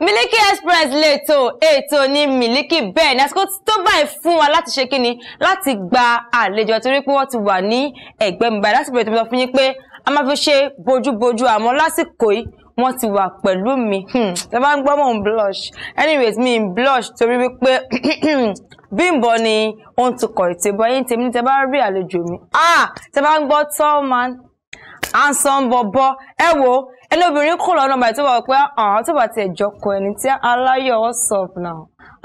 Miliki Express leto, ètò ni Miliki bẹ́ẹ̀ ní àsìkò tó báyìí fún wa láti ṣe kíni láti gba àlejò torí pé wọ́n ti wà ní ẹ̀gbẹ́ mi báyìí lásìkò ìtọ́jú fún yín pé a máa fi ṣe bójúbójú àmọ́ lásìkò yìí wọ́n ti wà pẹ̀lú mi ṣe hmm, bá ń gbọ́ mọ̀ blush anyways mi blush torí wípé Bímbọ ni ó ń tukọ̀ ìtẹ̀bọ̀ yín tèmi tẹ bá rí àlejò mi ah tẹ bá ń gbọ́ tall man handsome bọ̀bọ̀ ẹ wo ẹni obìnrin kò lọ́nà bàtí wọ́n pé àwọn tó bá tiẹ̀ jọkọ̀ ẹni tí aláyọ̀ what's up now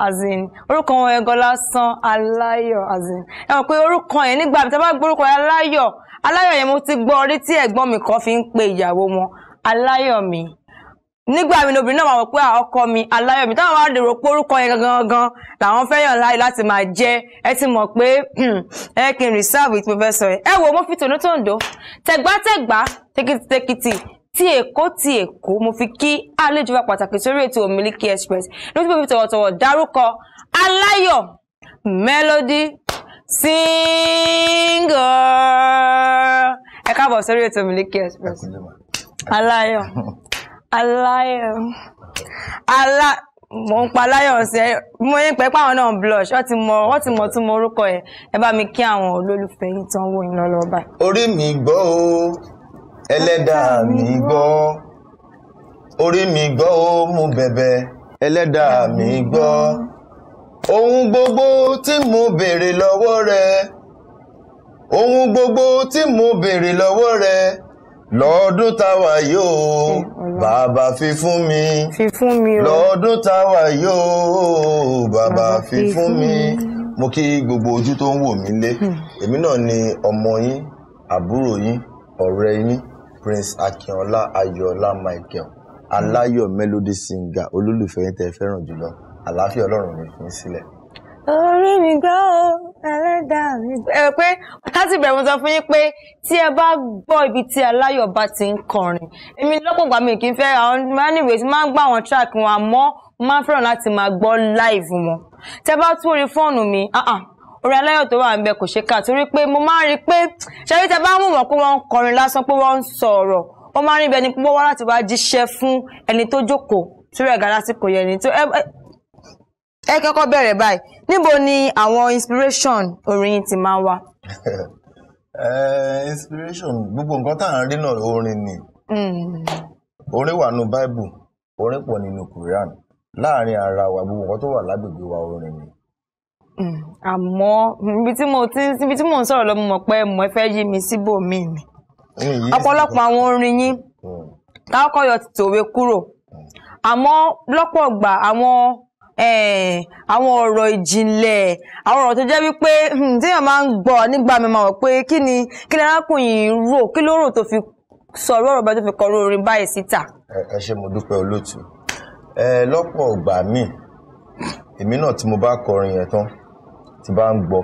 as in orúkọ wọn ẹ̀gọ́ lásán aláyọ̀ as in ẹ mọ̀ pé orúkọ yẹn nígbà tí a bá gbórúkọ aláyọ̀ aláyọ̀ yẹn mo ti gbọ́ orí tí ẹ̀gbọ́n mi kan fi ń pe ìyàwó wọn aláyọ̀ mi nígbà mi lobìnrin náà máa wọ pé ọkọ mi aláyọ̀ mi táwọn wá lè rò pé orúkọ yẹn gangan làwọn fẹ́yàn láyé láti máa jẹ́ ẹ ti mọ̀ pé hmm, ẹ kí n reserve with professor ẹ wo mo fi tònú tòǹdó tẹ̀gbátẹ̀gbá tẹkìtìtẹkìtì ti èkó ti èkó mo fi kí àlejò wa pàtàkì sórí ètò Miliki Express lójú pé tọ̀wọ̀tọ̀wọ̀ dárúkọ Aláyọ̀ Melody Singer ẹ káàbọ̀ sórí ètò Miliki Express Aláyọ̀ Aláyọ̀ alá mo ń pa Aláyọ̀ ọ̀sẹ̀ mo yín pẹ́ páwọn náà blush wọ́n ti mọ wọ́n ti mọ tún mọ orúkọ ẹ̀ ẹ bá mi kí àwọn olólùfẹ́ yìí tán wò yín lọ́lọ́ báyìí. orí mi gbọ́ o ẹlẹ́dàá mi gbọ́ orí mi gbọ́ ó mú bẹ̀bẹ̀ ẹlẹ́dàá mi gbọ́ ohun gbogbo tí mo béèrè lọ́wọ́ rẹ ohun gbogbo tí mo béèrè lọ́wọ́ rẹ lọ́ọ̀dún táwa yóò bàbá fi fún mi fi fún mi o lọ́ọ̀dún táwa yóò bàbá fi fún mi mo kí gbogbo ojú tó ń wò mí lé hmm. èmi náà ni ọmọ yín àbúrò yín ọ̀rẹ́ yín prince akínọlá ayọ̀ọlá michael aláyọ̀ melody singer olólùfẹ́ yín tẹ́ ẹ fẹ́ràn jùlọ àlàáfíà ọlọ́run ní fún sílẹ̀. orí mi gbọ́ ẹlẹ́dàá mi gbọ́ pé láti bẹ̀rẹ̀ mo sọ fún yín pé tí ẹ bá gbọ́ ibi tí aláyọ̀ bá ti ń kọrin èmi lọ́pọ̀gbà mi kì í fẹ́ àwọn maniways máa ń gbọ́ àwọn track wọn àmọ́ máa ń fẹ́ràn láti máa gbọ́ live wọn tẹ́ bá tún orí fóònù mi orí aláyọ̀ tó wà ń bẹ kò ṣe kà torí pé mo máa ń rí i pé ṣẹ́rí tẹ bá ń mú wọn pé wọ́n ń kọrin lásán pé wọ́n ń sọ̀rọ̀ ó máa ń rí ibẹ̀ ni púpọ̀ wá láti wá jíṣẹ́ fún ẹni tó jókòó sórí ẹ̀gá lásìkò yẹn ni tó ẹ kọ́kọ́ bẹ̀rẹ̀ báyìí níbo ni àwọn inspiration orin yìí ti máa ń wá. inspiration gbogbo nǹkan tá à ń rí náà orin ni hmm. orin wà nù Bible orin pọ̀ nínú Quran láàrin ara wa gbogbo nǹkan tó wà lágbègbè wa orin ni àmọ́ ibi tí mo ti ibi tí mò ń sọ̀rọ̀ lọ mo mọ̀ pé mo fẹ́ yí mi síbòmíì ni ọ̀pọ̀lọpọ̀ àwọn orin yín hmm. káwọ́kọ́ yọ ti tòwe kúrò àmọ́ lọ́pọ̀ ọgbà àwọn àwọn ọ̀rọ̀ ìjìnlẹ̀ àwọn ọ̀rọ̀ tó jẹ́ wípé hmm, téèyàn máa ń gbọ́ nígbà mi máa wọ̀ pé kí ni kí ni arákùnrin rò kí ló rò tó fi sọ̀rọ̀ ọ̀rọ̀ bá tó fi kọ orin báyìí síta. ẹ ṣé mo dúpẹ́ olóòtú lọ́pọ̀ ọgbà míì èmi náà tí mo bá kọrin yẹn tán tí bá ń gbọ́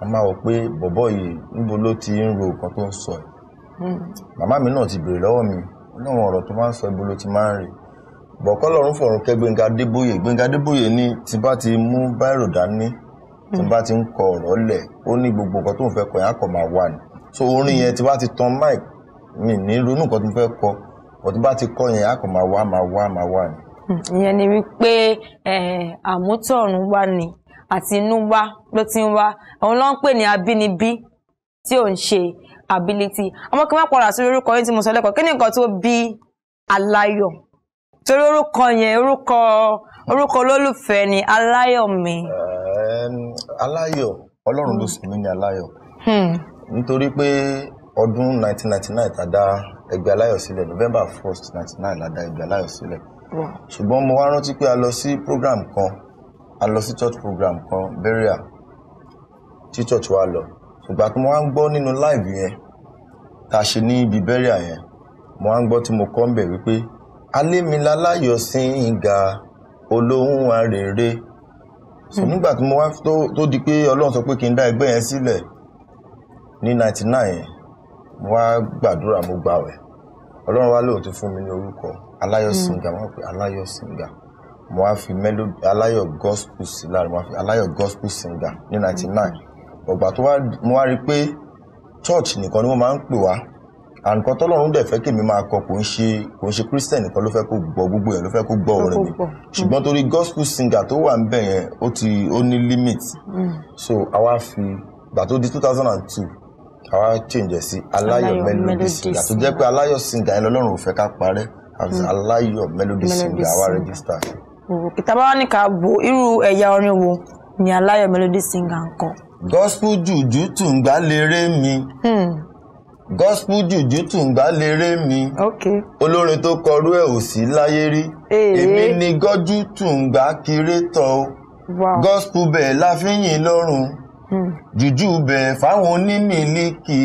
a máa wò pé bọ̀bọ̀ yìí níbo ló ti ń ro nǹkan tó ń sọ ẹ̀ hmm. màmá mi náà ti béèrè lọ́wọ́ mi ọlọ́run ọ̀rọ̀ tó máa ń sọ ibo ló ti máa ń rè bọ̀kọ́ lọ́run fọ̀rùn kẹ́ Gbẹ́ngà Adébóyè Gbẹ́ngà Adébóyè ní tí bá ti mú báírò dání tí hmm. bá ti ń kọ ọ̀rọ̀ lẹ̀ ó ní gbogbo nǹkan tó ń fẹ́ kọ yẹn á kọ̀ máa wà ní so orin yẹn tí bá ti tan mic mi ní ronú nǹkan tó ń fẹ́ kọ ọ̀ tí bá ti kọ yẹn á kọ̀ máa wá máa wá máa wà ní. Hmm. ìyẹn ni wípé eh, àmútọ̀run wà ní àtinúwá ló ti ń wá òun ló ń pè ní abínibí tí ò ń ṣe ability àmọ́ kí n má padà sí orúkọ yín tí mo sọ lẹ́kọ̀ọ́ kí ni nǹkan tó bí aláyọ̀ torí orúkọ yẹn orúkọ orúkọ olólùfẹ́ ni aláyọ̀ mi. aláyọ̀ ọlọ́run ló sì mí ní aláyọ̀ hmm. nítorí pé ọdún 1999 tá a dá ẹgbẹ́ aláyọ̀ sílẹ̀ November 1st 1999 la dá ẹgbẹ́ aláyọ̀ sílẹ̀ ṣùgbọ́n mo wá rántí pé a lọ sí program kan a lọ sí church program kan burial tí church wa lọ ṣùgbọ́n tí mo wá ń gbọ́ nínú live yẹn tá a ṣe ní ibi burial yẹn mo wá ń gbọ́ tí mo kọ́ ń bẹ̀ wípé alémilá láyọ̀ sí ìgà olóhùn arèrè so hmm. nígbà tí mo wá tó di pé ọlọ́run sọ pé kí n dá ẹgbẹ́ yẹn sílẹ̀ ní ninety nine mo wá gbàdúrà mo gbàwẹ̀ ọlọ́run wá lóòótọ́ fún mi ní orúkọ aláyọ̀ sìngà hmm. wọ́n pè aláyọ̀ sìngà. Mm mo wá fi melody aláyọ̀ gospel singer, lára mo wá fi aláyọ̀ gospel singer ní ninety nine ọgbà tó wá mo wá rí i pé church nìkan ni wọ́n máa ń pè wá àǹkan tọ́lọ́run dẹ̀ fẹ́ kèmí máa kọ kò ń ṣe kò ń ṣe christian nìkan ló fẹ́ kó gbọ́ gbogbo yẹn ló fẹ́ kó gbọ́ orin mi ṣùgbọ́n mm. torí gospel singer tó wà níbẹ̀ yẹn ó ti ó ní limit mm. so àwa fi gbà tó di two thousand and two àwa change sí aláyọ̀ melody singer tó jẹ́ pé aláyọ̀ singer yẹn lọ́lọ́run ò fẹ́ ká parẹ́ àti mm. melody singer àwa register ìtàbá wa ní ká bo irú ẹ̀yà orin wo ni aláyọ̀ melody singer ń kọ. gospel jùjú tùǹgbà lérè mi hmm. gospel jùjú tùǹgbà lérè mi olórin tó kọrú ẹ̀ ò sí láyé rí èmi ni gọ́jú tùǹgbà kiri tọ́ o gospel bẹ́ẹ̀ láfihìn lọ́rùn hmm. jùjú bẹ́ẹ̀ fáwọn onímìlíkì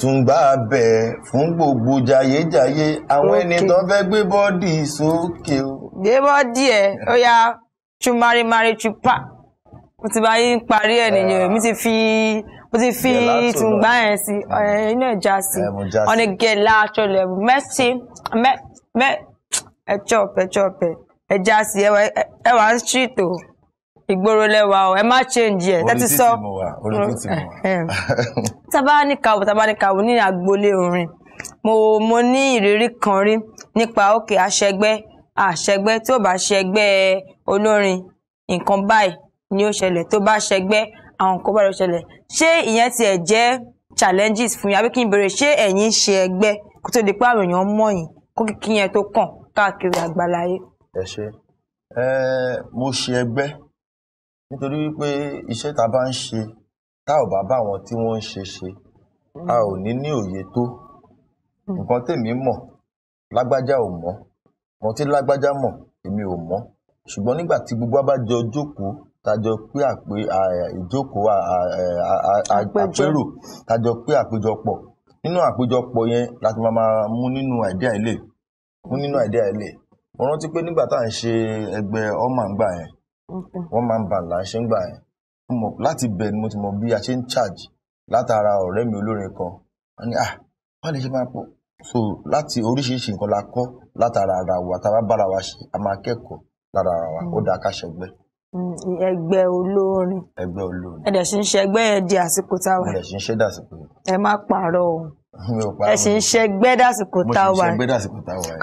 tùǹgbà bẹ́ẹ̀ fún gbogbo jayéjayé àwọn ẹni tó fẹ́ gbé bọ́dì sókè o débọ́ díẹ̀ ó yá chumari mari chupa mo ti bá yín parí ẹ̀ nìyẹn mi ti fi mo ti fi tùǹgbà yẹn sí inú ẹ̀ já sí ọ̀nà gẹ̀lá aṣọ lẹ̀ mẹ́sì mẹ́ ẹ̀ chọ́ọ̀pẹ̀ chọ́ọ̀pẹ̀ ẹ̀ já sí ẹ̀ wá ń ṣìtò ìgboro lẹwa o ẹ má change ẹ tẹ́tí sọ tábà ní kàwọ tábà ní kàwọ ní agboolé orin mo mo ní ìrírí kan rí nípa òkè àṣẹgbẹ́ àṣẹgbẹ́ tí ó bá ṣẹgbẹ́ olórin nǹkan báyìí ni ó ṣẹlẹ̀ tó bá ṣẹgbẹ́ àwọn nǹkan báyìí ó ṣẹlẹ̀ ṣé ìyẹn tiẹ̀ jẹ́ challenges fún yín àbí kí n béèrè ṣé ẹ̀yin ń ṣe ẹgbẹ́ kó tó di pé àwọn èèyàn mọ̀ yín kó kí yẹn tó kàn káàkiri àgbáláyé. ẹ ṣe ẹ mo ṣe ẹgbẹ́ nítorí wípé iṣẹ́ tá a bá ń ṣe tá ò bá bá àwọn tí wọ́n ń ṣe ṣe a ò ní ní òye tó hmm. nǹkan tèmi mọ̀ lágbájá ò mọ̀ ohun tí lágbájá mọ èmi ò mọ ṣùgbọn nígbà tí gbogbo wa bá jọ jókòó tá a jọ pé àpè ìjókòó àpérò tá a jọ pé àpéjọpọ̀ nínú àpéjọpọ̀ yẹn la ti máa máa mú nínú àìdíà ilé mú nínú àìdíà ilé mo rántí pé nígbà tá à ń ṣe ẹgbẹ́ ọmọ àgbà yẹn wọn máa ń bà là ń ṣe ń gbà yẹn mo mọ láti bẹ ni mo ti mọ bí a ṣe ń charge látara ọ̀rẹ́ mi olórin kan wọn ah, ni ah wọn lè ṣe máa pọ so láti oríṣiríṣi nǹkan la kọ́ látara ara wa tá a bá bára wa ṣe a máa kẹ́kọ̀ọ́ lára ara wa ó mm. dáa ká ṣẹgbẹ́. Mm, ẹgbẹ́ olórin ẹgbẹ́ olórin ẹ dẹ̀ sì ń ṣẹgbẹ́ yẹn di àsìkò táwa ẹ dẹ̀ sì ń ṣẹ́ dàsìkò yẹn. ẹ má pààrọ̀ o ẹ sì ń ṣẹgbẹ́ dàsìkò táwa mo sì ń ṣẹgbẹ́ dàsìkò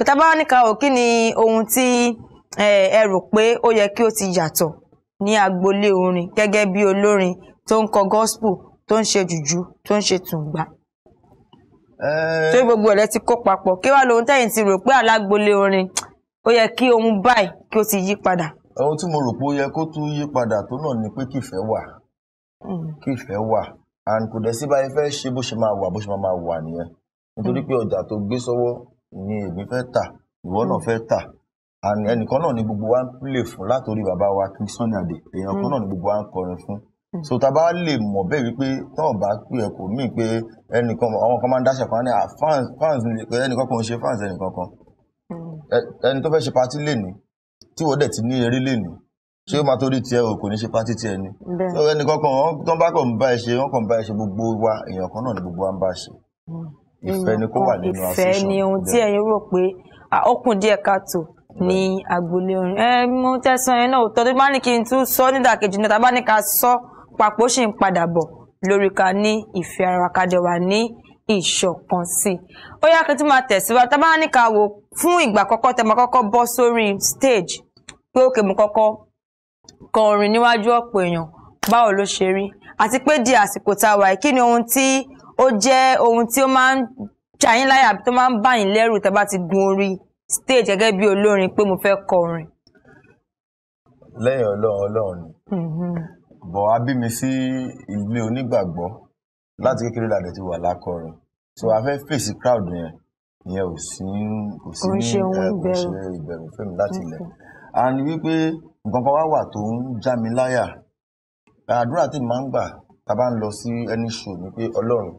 táwa bá wọn ní o kí ni ohun tí ẹ rò pé ó yẹ kí ó ti yàtọ̀ ní agboolé orin gẹ́gẹ́ bí olórin tó ń kọ gospel tó ń ṣe jùjú tó ń ṣe tùǹgbà. Eh. torí gbogbo ẹ̀rẹ́ ti kó papọ̀ kí wàá lóhun tẹ̀yìn ti rò pé alágbolé orin ó yẹ kí ohun báyìí kí ó ti yí padà. ohun tí mo rò pé ó yẹ kó tún yí padà tó náà ni pé kìfẹ́ wà hmm. kìfẹ́ wà and kò dẹ̀ sí báyìí fẹ́ ṣe bó ṣe máa wà bó ṣe máa wà nìyẹn nítorí pé ọjà tó gbé sọ́wọ́ ni èmi fẹ́ tà ìwọ náà fẹ́ tà ẹnìkan náà ni gbogbo wa ń play fún látòrí bàbá wa King Sunny Adé èèyàn kan hmm. náà ni gbogbo wa ń kọrin fún Hmm. so tá a bá lè mọ̀ bẹ́ẹ̀ wípé tí wọ́n bá pè ẹ́ kò mí pé ẹnìkan àwọn kan máa ń dáṣẹ̀ kan ní fans fans ní pé ẹnìkan kan ń ṣe fans ẹnìkan kan hmm. ẹni tó fẹ́ ṣe patí lẹ́nu tí wọ́n dẹ̀ ti ní eré lẹ́nu ṣé ó máa torí tiẹ̀ o kò ní ṣe patí tiẹ̀ ni so ẹnìkan kan tó ń bá kàn ń bá ẹ ṣe wọ́n kàn ń bá ẹ ṣe gbogbo wa èèyàn kan náà ni gbogbo wa ń bá ṣe hmm. ìfẹ́ ni kó wà nínú association ìfẹ́ ni ohun tí ẹ̀yin rò pé okùn díẹ̀ káàtó ní agboolé orin ẹ mú tẹsán yẹn náà òótọ́ bá ní kí n tún sọ nídàkejì náà tá a bá ní ká sọ. So, papò ṣì ń padà bọ̀ lórí ká ní ìfẹ́ ara kájọ wà ní ìṣọ̀kan sí i ó yá kí n tún máa tẹ̀síwájú tá a bá ní ká wò fún ìgbà kọ́kọ́ tẹ́ kọ́kọ́ bọ́ sórí stage pé òkè mú kọ́kọ́ kọ orin níwájú ọ̀pọ̀ èèyàn báwo ló ṣe rí àti pé di àsìkò tá a wà kí ni ohun tí ó jẹ́ ohun tí ó máa ń jà yín láyà tó máa ń bà yín lẹ́rù tẹ́ bá ti gun orí stage gẹ́gẹ́ bí olórin pé mo fẹ́ kọ lẹ́yìn ọlọ́run ọlọ́run ni mm-hmm bọ̀ á bí mi sí ilé onígbàgbọ́ láti kékeré la dẹ̀ ti wà lákọ̀ọ́rọ̀ so a fẹ́ fèsì crowd yẹn ìyẹn ò sí kò sí ní kò ṣe ìbẹ̀rù fẹ́mi láti ilẹ̀ and wípé nǹkan kan wá wà tó ń já mi láyà àdúrà tí màá ń gbà tá a bá ń lọ sí ẹni ṣò ni pé ọlọ́run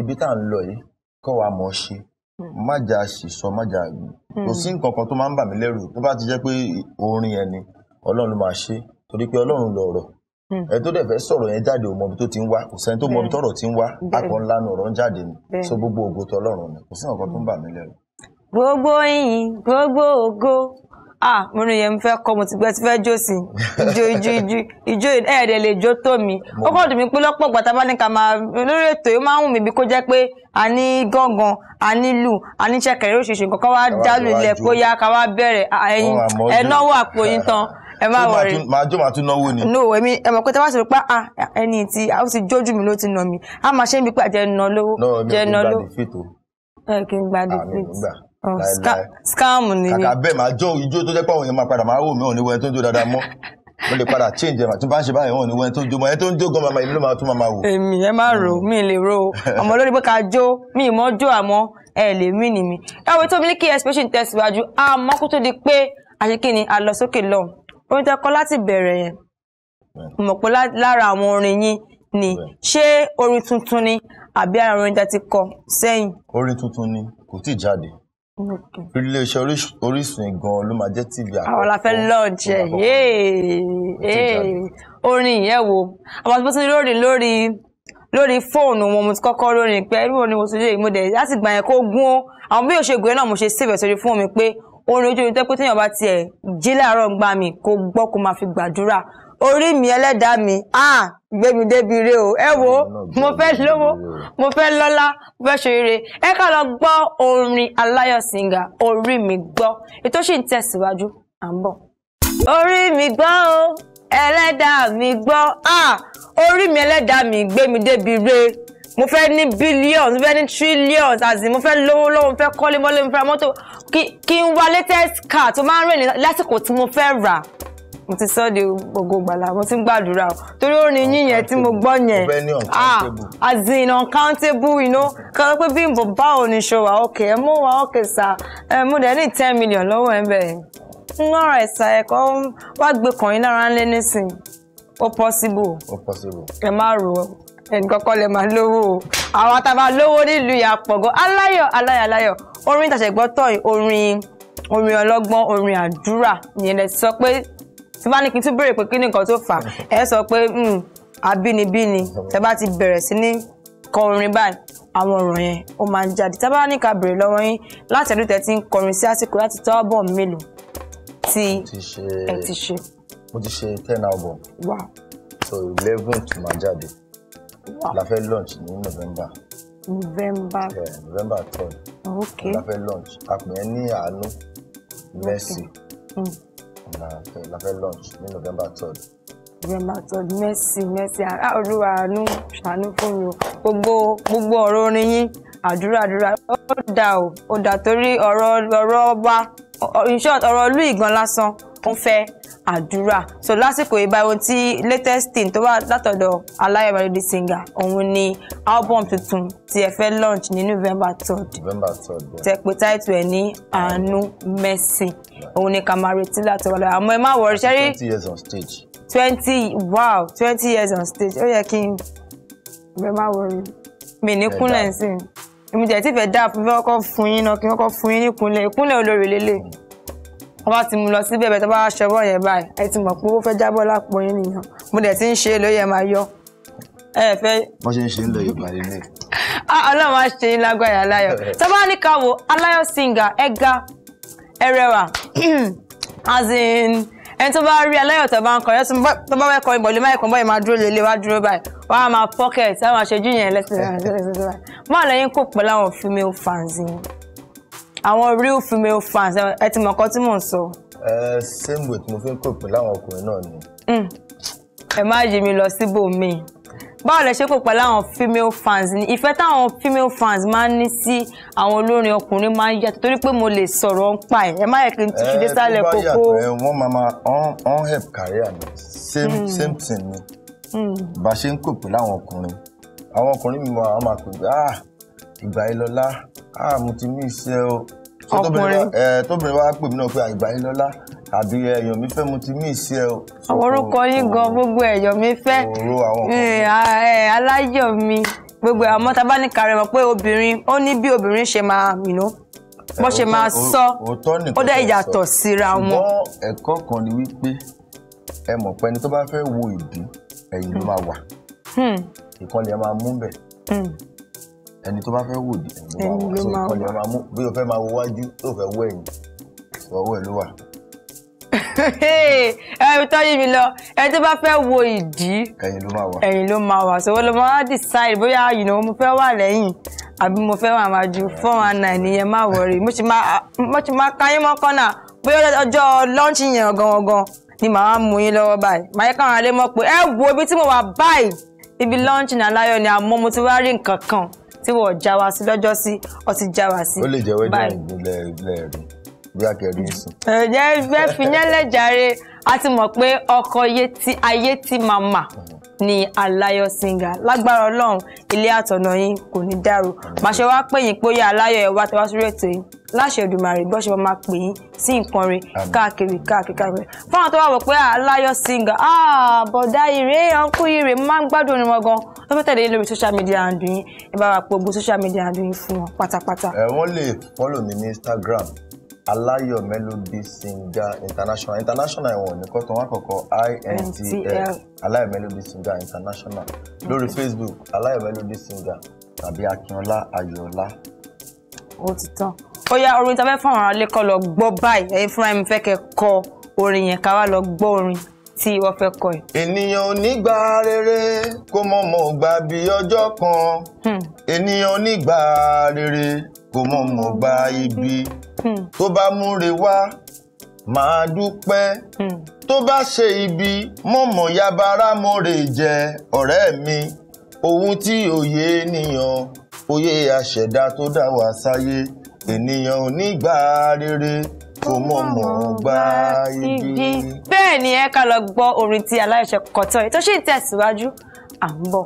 ibi tá à ń lọ yìí kọ́ wa mọ̀ ọ́ ṣe hmm. má jà ṣìṣọ má jà hmm. kò sí nǹkan kan tó máa ń bà mí lẹ́rù tó bá ti jẹ́ pé orin ẹni ọlọ́run ló máa ṣe torí pé ọlọ́run lọ̀rọ̀ Hmm. ẹ tó dẹ̀ fẹ́ sọ̀rọ̀ yẹn jáde ò mọbi tó ti ń wá kò sẹ́ni tó mọbi tọ̀rọ̀ ti ń wá akọ ńlá nu ọ̀rọ̀ ń jáde ni so gbogbo ògo tó ọlọ́run ni kò sí nǹkan tó ń bà mí lẹ́rù. gbogbo ìyìn gbogbo ògo ah mo ní yẹn mo fẹ́ kọ́ mo ti gbẹ́ ti fẹ́ jó sí ijó ijó ijó ijó ẹ̀ẹ́dẹ̀ lè jó tó mi ó kọ́ dùn mí pé lọ́pọ̀ gbàtà bá ní ká máa lórí ètò yìí ó máa ń wù mí bí kó jẹ́ pé a ní gángan a ní lù a ní ṣẹ̀kẹ̀rẹ̀ oríṣiríṣi nǹkan ká wá dálù ilẹ̀ kó yá ká wá bẹ̀rẹ̀ ẹ̀yin ẹ̀ náwó àpò yín tán ẹ má wọrí máa jó máa tún náwó ni. no èmi ẹ mọ̀ pé tẹ́wọ́ sí pé ah ẹni tí a sì jójú mi ló ti nà mí a máa ṣe é mi pé àjẹ́ nà lówó jẹ́ nà lówó. ẹ kì í gba ah, defeat oh, scam ni mi. kàkà bẹ́ẹ̀ máa jó ijó tó jẹ́ pé àwọn èèyàn máa padà máa wò mí ò ní wẹ́n tó ń jó dáadáa mọ́ mo lè padà change ẹ mà tí bá ń ṣe báyìí wọn ò ní wọn tó ń jó mọ ẹ tó ń jó gan màmá èmi ló máa tún màmá wò. èmi ẹ má rò mí hmm. lè rò ọmọ lórí pé ká jó mi ì mọ jó àmọ́ ẹ lè mí ni mi. ẹ wo tó Miliki Expression tẹ̀síwájú àmọ́ kó tó di pé àṣekínni a lọ sókè lọ́hùn orin tẹ́ kọ láti bẹ̀rẹ̀ yẹn mọ̀ pé lára àwọn orin yín ni ṣé orin tuntun ni àbí ara orin tẹ́ ti kọ sẹ́yìn. orin tuntun ni kò tí ì jáde iléeṣẹ́ Orísun gan-an ló máa jẹ́ tv àkọ́kọ́ àwọn la fẹ́ lọ́ọ̀jẹ̀ orin ìyẹn wo àwọn àti bó ti lórí lórí lórí fóònù wọn mo ti kọ́kọ́ lórí pé irú orin wo ti lè mo láti gbà yẹn kó gún àwọn bí yóò ṣe gùn yẹn náà mo ṣe save ẹ̀ sórí fóònù mi pé orin ojú orin tó pé téèyàn tiẹ̀ jí láàárọ̀ ń gbà mí kó gbọ́ kó máa fi gbàdúrà orí mi ẹlẹ́dàá mi ah gbé mi débi ire o ẹ wo mo fẹ́ lówó mo fẹ́ lọ́lá mo fẹ́ ṣe rere ẹ ká lọ gbọ́ orin aláyọ̀ singer orí mi gbọ́ ètò sì ń tẹ̀síwájú à ń bọ̀. orí mi gbọ́ o ẹlẹ́dàá mi gbọ́ ah orí mi ẹlẹ́dàá mi gbé mi débi ire mo fẹ́ ní billions mo fẹ́ ní trillions as in mo fẹ́ lówó lọ́wọ́ mo fẹ́ kọ́lé mọ́lé mo fẹ́ mọ́tò kí n wa latest car tó máa ń rìn lásìkò tí mo fẹ́ rà mo ti sọ de gbogbo gbala mo ti ń gbàdúrà o torí orin yíyẹn tí mo gbọ́ yẹn ah as in uncountable you know kan pé bí n bò bá òní ṣe wà ókè ẹ mú wa ókè sá ẹ mú dẹ ní ten million lọ́wọ́ ẹ bẹ́ẹ̀ ń ọ̀rọ̀ ẹ̀sà ẹ̀kọ́ wá gbé kàn yín lára ńlẹ́ nísìn ó ó possible ẹ má rò ó ẹnìkankan lè máa lówó o àwọn àtàbà lówó nílùú ìyá pọ̀gọ́ aláyọ̀ aláyọ̀ aláyọ̀ orin tàṣẹ̀gbọ́ tọ̀yìn orin orin ọlọ́gbọ́n orin àdúrà ìyẹn lẹ sọ pé tí bá ní kí n tún béèrè pé kí ni nǹkan tó fà ẹ sọ pé àbínibí hmm, ni tẹ bá ti bẹ̀rẹ̀ sí ní kọrin báyìí àwọn ọ̀rọ̀ yẹn ó máa ń jáde tábà ní ká béèrè lọ́wọ́ yín láti ẹ̀dùn tẹ̀tí ń kọrin sí àsìkò láti tó album mélòó tí ẹ ti ṣe. mo ti ṣe ten album. wow. so eleven to máa jáde la fẹ́ launch ní november. november. yeah november third. ok la fẹ́ launch àpè yẹn ní àánú mercy mm. la fẹ́ launch ní november third remato mercy mercy olúwa àánú ṣàánú fún mi o gbogbo gbogbo ọ̀rọ̀ orin yín àdúrà àdúrà ó dà o ó dà torí ọ̀rọ̀ ọ̀rọ̀ ọba in short ọ̀rọ̀ ìlú ìgan lásán ó fẹ́ àdúrà so lásìkò yìí báyìí ohun tí latest thing tó wà látọ̀dọ̀ Aláyọ̀ Melody Singer òun ni album tuntun tí ẹ fẹ́ launch ní November third November third tẹ pé táìtù ẹ ní àánú mercy òun ni ká máa retí láti wọlé àmọ́ ẹ má wọrí ṣẹ́rí twenty years on stage twenty wow twenty years on stage ó yẹ kí n bẹ má wọrí mi ní kúnlẹ̀ nsìn ìmùjẹ́ tí fẹ́ dáa fún fẹ́ kọ́kọ́ fún yín náà kí wọ́n kọ́ fún yín ní ìkúnlẹ̀ ìkúnlẹ̀ olórí lélẹ̀. Mm wọ́n bá ti mú lọ síbẹ̀ bẹ́ẹ̀ tó bá ṣọwọ́ yẹn báyìí ẹ ti mọ̀ pé owó fẹ́ jábọ́ lápò yín nìyẹn mo dẹ̀ ti ń ṣe é lóye máa yọ ẹ fẹ́. wọ́n ṣe ń ṣe ń lọ yorùbá nínú ẹ̀. ọlọ́run á ṣe yín lágbára aláyọ̀ tó bá ní ká wo aláyọ̀ singer ẹ̀ga ẹ̀rẹ̀wà as in ẹni tó bá rí aláyọ̀ tó bá ń kọrin tó bá wẹ́kọ̀ ìbọn lè má ẹ̀kọ́ báyìí máa dúró lélẹ̀ wá dúró báyìí wá máa pocket wá máa ṣe júyàn lẹ́sìn lẹ́sìn báyìí. báwo lẹ́yìn kò pẹ̀lú àwọn female fans yìí àwọn real female fans ẹ ti mọ̀ nǹkan tí mò ń sọ. ẹ same with mo fi ń kó pẹ̀lú àwọn ọkùnrin náà ni. Hmm. ẹ má yí mi lọ síbòmíì báwo lẹ ṣe kó pẹ̀lú àwọn female fans ni ìfẹ́ táwọn female fans máa ń ní sí àwọn olórin ọkùnrin máa ń yàtọ̀ torí pé mo lè sọ̀rọ̀ ń pa ẹ̀ ẹ má yẹ kí n tìṣu dé sálẹ̀ kókó. ẹ tó bá yàtọ̀ ẹ wọ́n máa ma on help career mi same hmm. same thing ni hmm. bá a ṣe ń kó pẹ̀lú àwọn ọkùnrin àwọn ọkùnrin mi máa ma pè pé ah ìgbà ẹ lọ́lá A ah, mo ti mí iṣẹ́ o ọkùnrin tóbìnrin bá pè mí náà lọ́lá àbí mi fẹ mo ti mí iṣẹ́ o. àwọn yín gan gbogbo ẹ̀yàn mi fẹ́ eh, aláyọ̀ mi gbogbo àmọ́ tá bá pé obìnrin ó bí obìnrin ṣe máa mìíràn bó ṣe máa sọ ó síra wọn. ṣùgbọ́n ẹ̀kọ́ kan ni wípé ẹ mọ̀ ẹni tó bá fẹ́ wò di ẹni ló máa wò ẹni máa mú bí o fẹ́ máa wo wájú tó fẹ́ wọ ẹ̀yìn ọwọ́ ẹ̀ ló wà. ẹni tó yí mi lọ ẹni tó bá fẹ́ wo ìdí ẹ̀yìn ló máa wà ẹ̀yìn ló máa wà sọ wọ́n lọ máa decide bóyá àyìnbó mo fẹ́ wà lẹ́yìn àbí mo fẹ́ wà máa ju four one nine nìyẹn má wọrí mo ti máa ka yín mọ́ kọ́nà bóyá ọjọ́ lọ́ọ̀ṣì yẹn gangan ni màá mú yín lọ́wọ́ báyìí màá yẹ káwọn alẹ́ mọ̀ pé ẹ wo ibi tí mo wà báyìí ibi lọ́ọ̀ṣì ní aláyọ̀ ni àmọ́ mo ti wá rí nǹkan kan tí wọ́n já wa sí lọ́jọ́ sí ọ ti já wa sí. ó lè jẹ́ wẹ́dẹ̀ ìbílẹ̀ ìbílẹ̀ rí bí akẹ́rin sùn. ẹ̀jẹ̀ bẹ́ẹ̀ fi yẹn lẹ́jàre a ti mọ̀ pé ọkọ̀ ayé ti máa mà ní aláyọ̀ singer lágbára ọlọ́run ilé àtọ̀nà yín kò ní dàrú màṣẹ wá pè yín pé ó yá aláyọ̀ ẹ̀ wá tẹ́wá sórí ètò yìí láṣẹ Èdùmàrè bó ṣe máa pè yín sí nǹkan rẹ̀ káàkiri káàkiri káàkiri fáwọn tó wà wọ pé aláyọ̀ singer ah bọ̀dá ire ọ̀nkú ire máa ń gbádùn orin wọn gan tó fẹ́ tẹ̀lé lórí social media handle yín ẹ bá wa pé gbogbo social media handle yín fún wọn pátápátá. ẹ wọ́n lè follow mi ní Instagram aláyọ̀ melody singer international international ìwọ̀n ní kọ́tọ̀ wọn àkọ́kọ́ intl aláyọ̀ melody singer international lórí Facebook aláyọ̀ melody singer tàbí akínọlá ayọ̀ọlá. ó ti tán ó yá orin tí a fẹ́ fún àwọn aráalé kọ́ lọ gbọ́ báyìí ẹ̀yin fúnra mi fẹ́ kẹ́ kọ orin yẹn ká wá lọ gbọ́ orin tí wọ́n fẹ́ kọ ẹ̀. ènìyàn ò ní gba rere kó mọ̀ mọ̀ gbà bí ọjọ́ kan hmm. ènìyàn ò ní gba rere kó mọ̀ mọ̀ gbà ibi hmm. tó bá múre wá màá dúpẹ́ hmm. tó bá ṣe ibi mọ̀mọ̀ yabara mọ̀rẹ̀ jẹ ọ̀rẹ́ mi ohun tí òye ènìyàn òye àṣẹ̀dá tó dá wa sáyé ènìyàn ò ní gba rere kó mọ̀ mọ̀ gbá igi. bẹ́ẹ̀ ni ẹ ká lọ gbọ́ orin ti aláìṣẹ kọ̀tọ́ yìí tó sì ń tẹ̀síwájú à ń bọ̀.